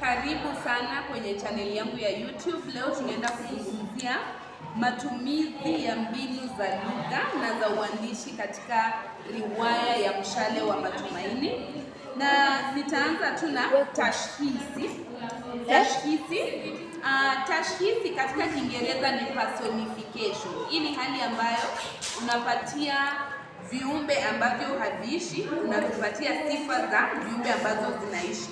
Karibu sana kwenye chaneli yangu ya YouTube. Leo tunaenda kuzungumzia matumizi ya mbinu za lugha na za uandishi katika riwaya ya Mshale wa Matumaini, na nitaanza tu na tashkisi. Tashkisi, uh, ah, tashkisi katika Kiingereza ni personification. Hii ni hali ambayo unapatia viumbe ambavyo haviishi, unavipatia sifa za viumbe ambazo zinaishi.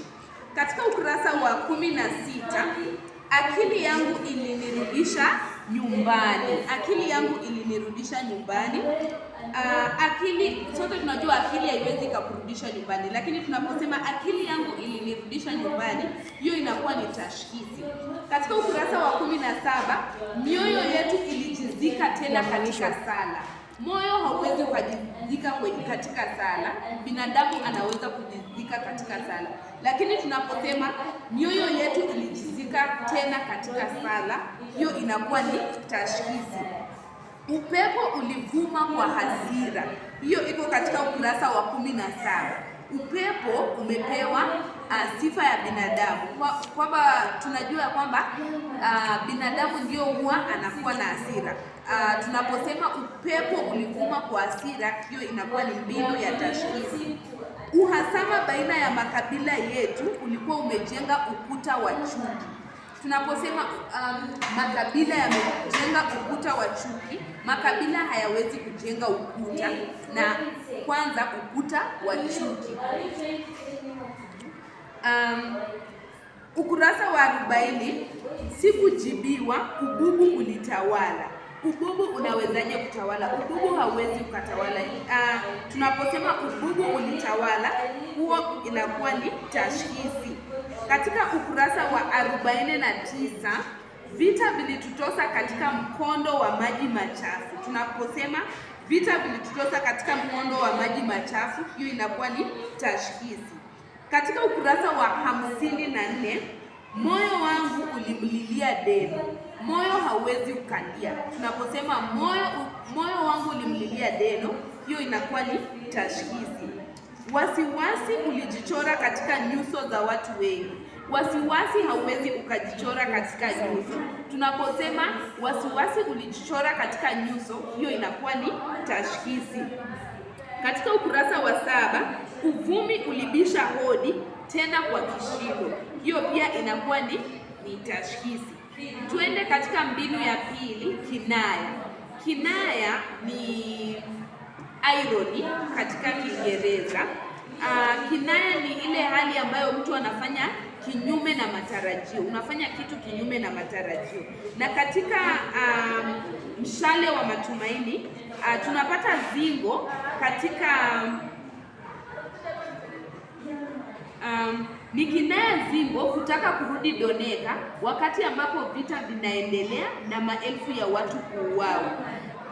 Katika ukurasa wa kumi na sita akili yangu ilinirudisha nyumbani, akili yangu ilinirudisha nyumbani. Uh, akili sote tunajua akili haiwezi ikakurudisha nyumbani, lakini tunaposema akili yangu ilinirudisha nyumbani, hiyo inakuwa ni tashkizi Katika ukurasa wa kumi na saba mioyo yetu ilijizika tena katika sala Moyo hauwezi ukajizika katika sala, binadamu anaweza kujizika katika sala, lakini tunaposema mioyo yetu ilijizika tena katika sala, hiyo inakuwa ni tashkizi. Upepo ulivuma kwa hasira, hiyo iko katika ukurasa wa kumi na saba. Upepo umepewa uh, sifa ya binadamu kwamba kwa tunajua kwamba uh, binadamu ndio huwa anakuwa na hasira. Uh, tunaposema upepo ulivuma kwa hasira, hiyo inakuwa ni mbinu ya tashwishi. Uhasama baina ya makabila yetu ulikuwa umejenga ukuta wa chuki. Tunaposema um, makabila yamejenga ukuta wa chuki, makabila hayawezi kujenga ukuta, na kwanza ukuta wa chuki um, ukurasa wa arobaini, sikujibiwa, ububu ulitawala ubugu unawezaje kutawala? Ububu hauwezi ukatawala. Uh, tunaposema ubugu ulitawala, huo inakuwa ni tashkisi. Katika ukurasa wa 49 vita vilitutosa katika mkondo wa maji machafu. Tunaposema vita vilitutosa katika mkondo wa maji machafu, hiyo inakuwa ni tashkisi. Katika ukurasa wa 54 moyo wangu ulimlilia demu moyo hauwezi ukalia. Tunaposema moyo, moyo wangu ulimlilia Deno, hiyo inakuwa ni tashkizi. Wasiwasi ulijichora katika nyuso za watu wengi. Wasiwasi hauwezi ukajichora katika nyuso. Tunaposema wasiwasi ulijichora katika nyuso, hiyo inakuwa ni tashkizi. Katika ukurasa wa saba, uvumi ulibisha hodi tena kwa kishindo, hiyo pia inakuwa ni, ni tashkizi. Tuende katika mbinu ya pili, kinaya. Kinaya ni irony katika Kiingereza. Uh, kinaya ni ile hali ambayo mtu anafanya kinyume na matarajio, unafanya kitu kinyume na matarajio. Na katika um, mshale wa matumaini uh, tunapata zingo katika um, um, Zimbo kutaka kurudi Doneka wakati ambapo vita vinaendelea na maelfu ya watu kuuawa.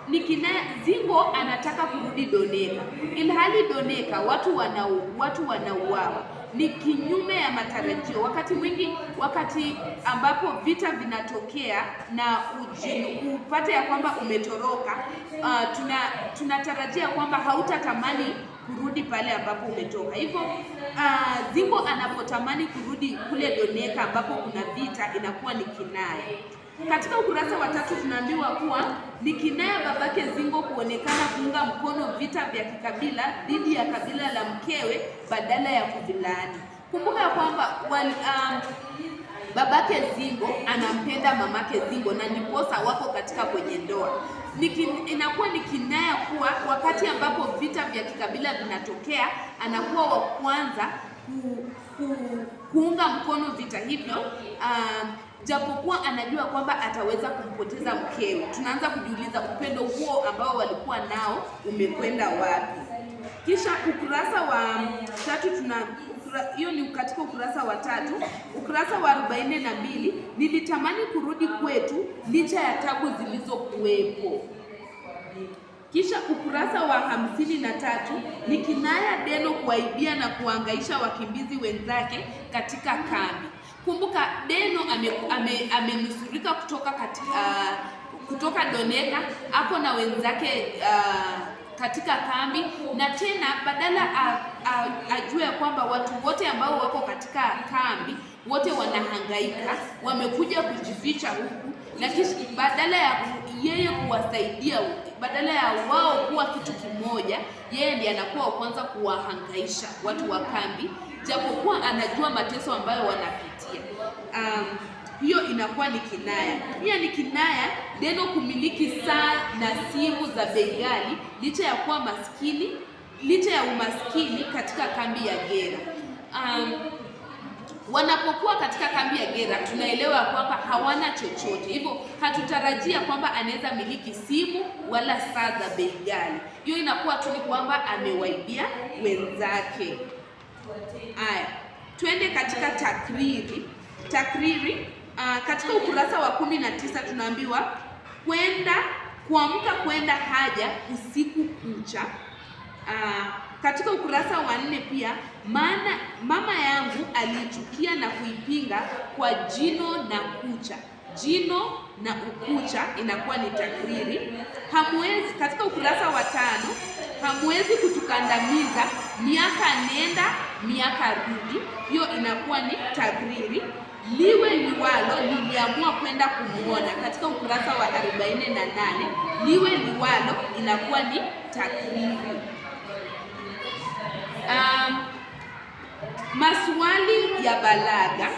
Nikinaya Zingo anataka kurudi Doneka, ilhali Doneka watu wana watu wanauawa. Ni kinyume ya matarajio. Wakati mwingi, wakati ambapo vita vinatokea na ujini upate ya kwamba umetoroka, uh, tunatarajia kwamba hautatamani kurudi pale ambapo umetoka hivyo uh, Zimbo anapotamani kurudi kule Doneka ambapo kuna vita inakuwa ni kinaya. Katika ukurasa wa tatu tunaambiwa kuwa ni kinaya babake Zimbo kuonekana kuunga mkono vita vya kikabila dhidi ya kabila la mkewe badala ya kuvilaani. Kumbuka kwamba um, babake Zimbo anampenda mamake Zimbo na ndiposa wako katika kwenye ndoa inakuwa ni kinaya kuwa wakati ambapo vita vya kikabila vinatokea, anakuwa wa kwanza ku, ku, kuunga mkono vita hivyo uh, japokuwa anajua kwamba ataweza kumpoteza mkewe. Tunaanza kujiuliza upendo huo ambao walikuwa nao umekwenda wapi? Kisha ukurasa wa tatu tuna hiyo ni katika ukurasa wa tatu. Ukurasa wa arobaini na mbili nilitamani kurudi kwetu licha ya tabu zilizokuwepo. Kisha ukurasa wa hamsini na tatu ni kinaya Deno kuwaibia na kuangaisha wakimbizi wenzake katika kambi. Kumbuka Deno amenusurika ame, ame kutoka katika, uh, kutoka Doneka hapo na wenzake uh, katika kambi na tena badala ajue kwamba watu wote ambao wako katika kambi wote wanahangaika, wamekuja kujificha huku, lakini badala ya yeye kuwasaidia, badala ya wao kuwa kitu kimoja, yeye ndiye anakuwa kwanza kuwahangaisha watu wa kambi, japokuwa anajua mateso ambayo wanapitia um, hiyo inakuwa ni kinaya. Pia ni kinaya Deno kumiliki saa na simu za Bengali licha ya kuwa maskini, licha ya umaskini katika kambi ya Gera. Um, wanapokuwa katika kambi ya Gera tunaelewa kwamba hawana chochote, hivyo hatutarajia kwamba anaweza miliki simu wala saa za Bengali. Hiyo inakuwa tu ni kwamba amewaibia wenzake. Aya, twende katika takriri. Takriri uh, katika ukurasa wa kumi na tisa tunaambiwa kwenda kuamka kwenda haja usiku kucha. Uh, katika ukurasa wa nne pia maana mama yangu aliichukia na kuipinga kwa jino na kucha jino na ukucha inakuwa ni takriri. Hamwezi, katika ukurasa wa tano, hamwezi kutukandamiza miaka nenda miaka rudi, hiyo inakuwa ni takriri liwe liwalo liliamua kwenda kumuona katika ukurasa wa 48, liwe liwalo inakuwa ni takriri. Um, maswali ya balagha,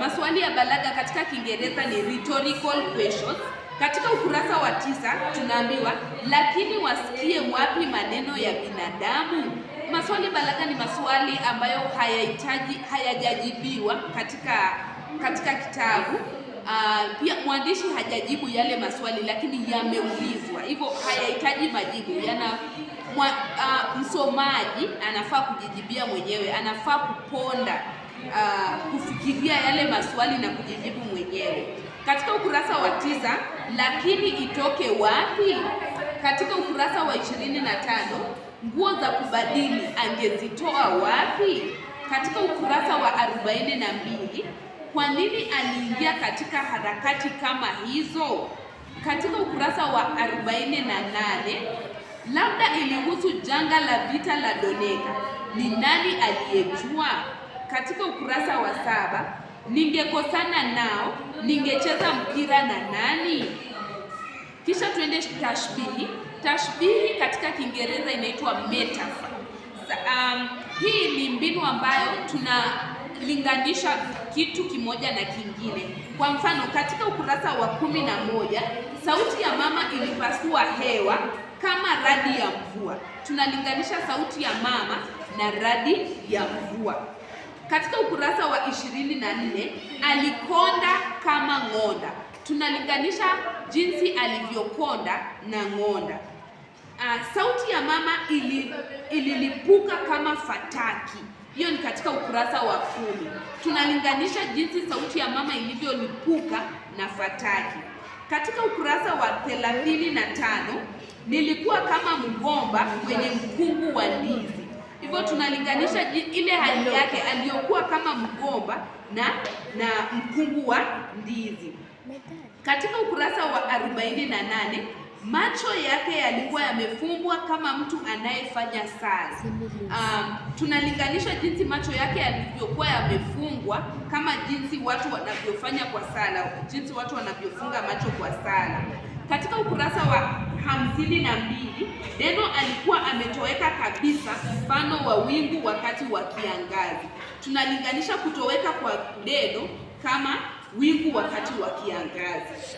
maswali ya balagha katika Kiingereza ni rhetorical questions. Katika ukurasa wa tisa tunaambiwa lakini wasikie wapi maneno ya binadamu. Maswali balagha ni maswali ambayo hayahitaji hayajajibiwa katika katika kitabu uh, pia mwandishi hajajibu yale maswali, lakini yameulizwa, hivyo hayahitaji majibu yana mwa, uh, msomaji anafaa kujijibia mwenyewe, anafaa kuponda uh, kufikiria yale maswali na kujijibu mwenyewe katika ukurasa wa tisa, lakini itoke wapi? Katika ukurasa wa ishirini na tano, nguo za kubadili angezitoa wapi? Katika ukurasa wa arobaini na mbili kwa nini aliingia katika harakati kama hizo? Katika ukurasa wa 48 labda ilihusu janga la vita la Doneka. Ni nani aliyejua? Katika ukurasa wa saba ningekosana nao, ningecheza mpira na nani? Kisha tuende tashbihi. Tashbihi katika Kiingereza inaitwa metaphor. Um, hii ni mbinu ambayo tuna linganisha kitu kimoja na kingine. Kwa mfano, katika ukurasa wa kumi na moja sauti ya mama ilipasua hewa kama radi ya mvua. Tunalinganisha sauti ya mama na radi ya mvua. Katika ukurasa wa ishirini na nne alikonda kama ng'onda. Tunalinganisha jinsi alivyokonda na ng'onda. Uh, sauti ya mama ili, ililipuka kama fataki. Hiyo ni katika ukurasa wa kumi. Tunalinganisha jinsi sauti ya mama ilivyolipuka na fataki. Katika ukurasa wa thelathini na tano nilikuwa kama mgomba kwenye mkungu wa ndizi. Hivyo tunalinganisha ile hali yake aliyokuwa kama mgomba na na mkungu wa ndizi. Katika ukurasa wa arobaini na nane Macho yake yalikuwa yamefumbwa kama mtu anayefanya sala. Um, tunalinganisha jinsi macho yake yalivyokuwa yamefungwa kama jinsi watu wanavyofanya kwa sala, jinsi watu wanavyofunga macho kwa sala. Katika ukurasa wa hamsini na mbili Deno alikuwa ametoweka kabisa, mfano wa wingu wakati wa kiangazi. Tunalinganisha kutoweka kwa Deno kama wingu wakati wa kiangazi.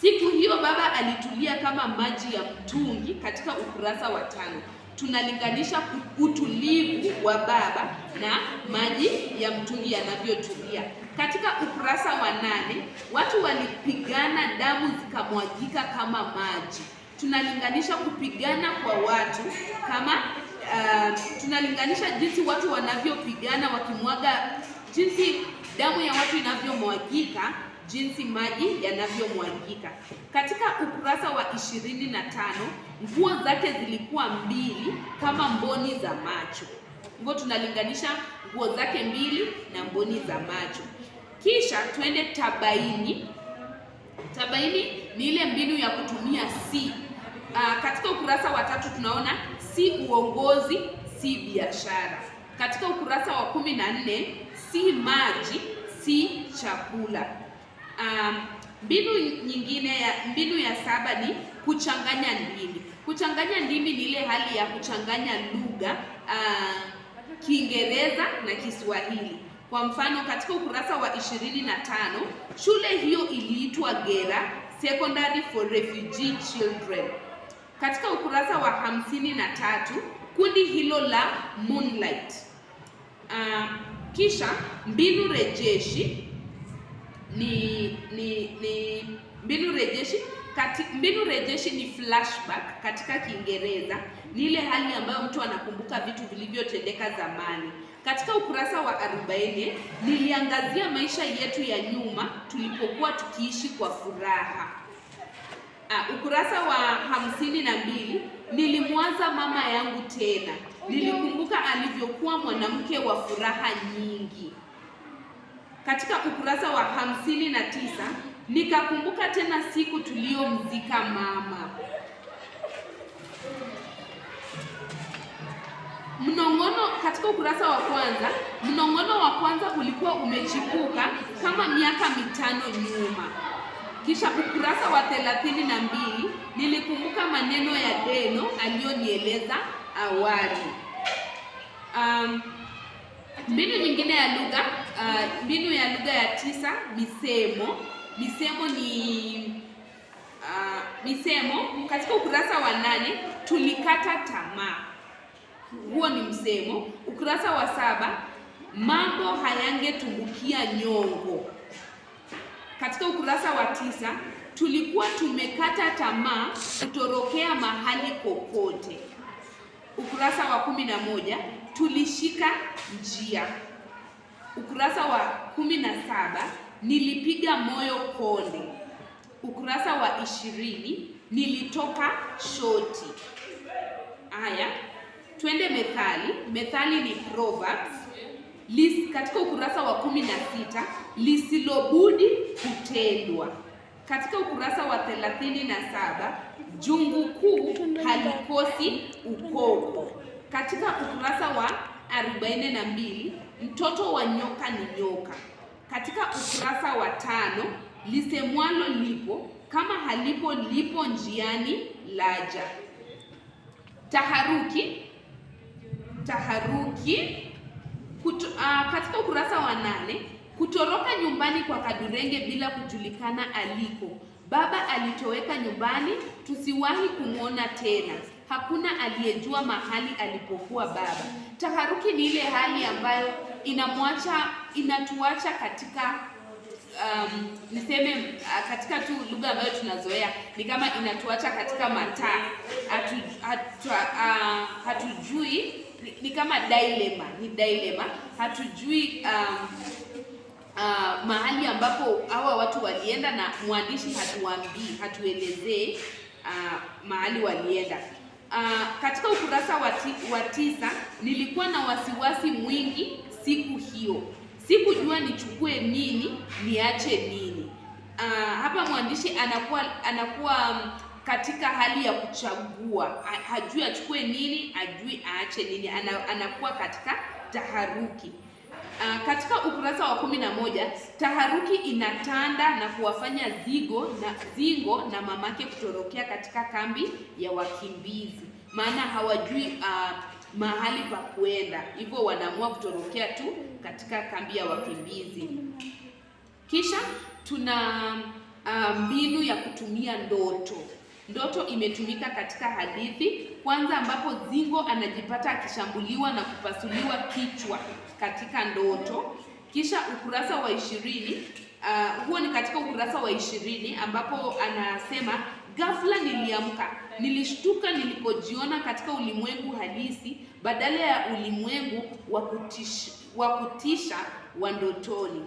Siku hiyo baba alitulia kama maji ya mtungi. Katika ukurasa wa tano tunalinganisha utulivu wa baba na maji ya mtungi yanavyotulia. Katika ukurasa wa nane watu walipigana, damu zikamwagika kama maji. Tunalinganisha kupigana kwa watu kama uh, tunalinganisha jinsi watu wanavyopigana wakimwaga, jinsi damu ya watu inavyomwagika jinsi maji yanavyomwagika. Katika ukurasa wa ishirini na tano nguo zake zilikuwa mbili kama mboni za macho. Hivyo tunalinganisha nguo zake mbili na mboni za macho. Kisha twende tabaini. Tabaini ni ile mbinu ya kutumia si. Aa, ah, katika ukurasa wa tatu tunaona si uongozi, si biashara. Katika ukurasa wa kumi na nne si maji, si chakula um, mbinu nyingine ya mbinu ya saba ni kuchanganya ndimi. Kuchanganya ndimi ni ile hali ya kuchanganya lugha uh, Kiingereza na Kiswahili. Kwa mfano, katika ukurasa wa 25 shule hiyo iliitwa Gera Secondary for Refugee Children. Katika ukurasa wa 53 kundi hilo la Moonlight. Uh, kisha mbinu rejeshi ni ni ni mbinu rejeshi kati, mbinu rejeshi ni flashback katika Kiingereza, ni ile hali ambayo mtu anakumbuka vitu vilivyotendeka zamani. Katika ukurasa wa 40 niliangazia maisha yetu ya nyuma tulipokuwa tukiishi kwa furaha. Uh, ukurasa wa hamsini na mbili nilimwaza mama yangu tena, nilikumbuka alivyokuwa mwanamke wa furaha nyingi katika ukurasa wa hamsini na tisa nikakumbuka tena siku tuliyomzika mama. Mnong'ono katika ukurasa wa kwanza, mnong'ono wa kwanza ulikuwa umechipuka kama miaka mitano nyuma. Kisha ukurasa wa thelathini na mbili nilikumbuka maneno ya Deno aliyonieleza awali. Um, mbinu nyingine ya lugha Uh, mbinu uh, ya lugha ya tisa misemo. Misemo ni uh, misemo katika ukurasa wa nane tulikata tamaa, huo ni msemo. Ukurasa wa saba mambo hayangetumbukia nyongo. Katika ukurasa wa tisa tulikuwa tumekata tamaa kutorokea mahali kokote. Ukurasa wa kumi na moja tulishika njia ukurasa wa kumi na saba nilipiga moyo konde, ukurasa wa ishirini nilitoka shoti. Haya, twende methali. Methali ni proverbs Lis, katika ukurasa wa kumi na sita lisilobudi kutendwa. Katika ukurasa wa thelathini na saba jungu kuu halikosi ukoko. Katika ukurasa wa arobaini na mbili Mtoto wa nyoka ni nyoka. Katika ukurasa wa tano lisemwalo lipo, kama halipo lipo njiani laja. Taharuki, taharuki. Kutu, uh, katika ukurasa wa nane kutoroka nyumbani kwa Kadurenge bila kujulikana aliko. Baba alitoweka nyumbani, tusiwahi kumwona tena hakuna aliyejua mahali alipokuwa baba. Taharuki ni ile hali ambayo inamwacha inatuacha katika um, niseme uh, katika tu lugha ambayo tunazoea ni kama inatuacha katika mataa, hatu, hatu, uh, hatujui ni kama dilema, ni dilema, hatujui um, Uh, mahali ambapo hawa watu walienda na mwandishi hatuambii, hatuelezee uh, mahali walienda. Uh, katika ukurasa wa tisa nilikuwa na wasiwasi mwingi siku hiyo, sikujua nichukue nini niache nini. Uh, hapa mwandishi anakuwa anakuwa mm, katika hali ya kuchagua, hajui achukue nini, ajui aache nini, anakuwa katika taharuki. Uh, katika ukurasa wa kumi na moja taharuki inatanda na kuwafanya zigo na zingo na mamake kutorokea katika kambi ya wakimbizi, maana hawajui uh, mahali pa kuenda, hivyo wanaamua kutorokea tu katika kambi ya wakimbizi. Kisha tuna ah, mbinu ya kutumia ndoto Ndoto imetumika katika hadithi kwanza, ambapo Zingo anajipata akishambuliwa na kupasuliwa kichwa katika ndoto. Kisha ukurasa wa ishirini, uh, huo ni katika ukurasa wa ishirini ambapo anasema Ghafla niliamka, nilishtuka nilipojiona katika ulimwengu halisi badala ya ulimwengu wa kutisha wa ndotoni.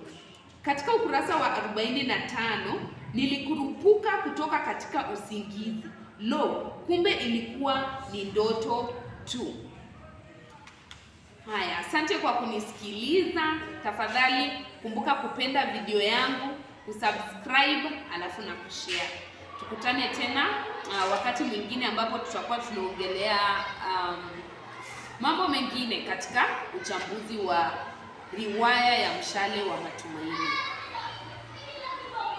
Katika ukurasa wa 45 Nilikurupuka kutoka katika usingizi. Lo, kumbe ilikuwa ni ndoto tu. Haya, asante kwa kunisikiliza. Tafadhali kumbuka kupenda video yangu, kusubscribe alafu na kushare. Tukutane tena uh, wakati mwingine ambapo tutakuwa tunaongelea um, mambo mengine katika uchambuzi wa riwaya ya Mshale wa Matumaini.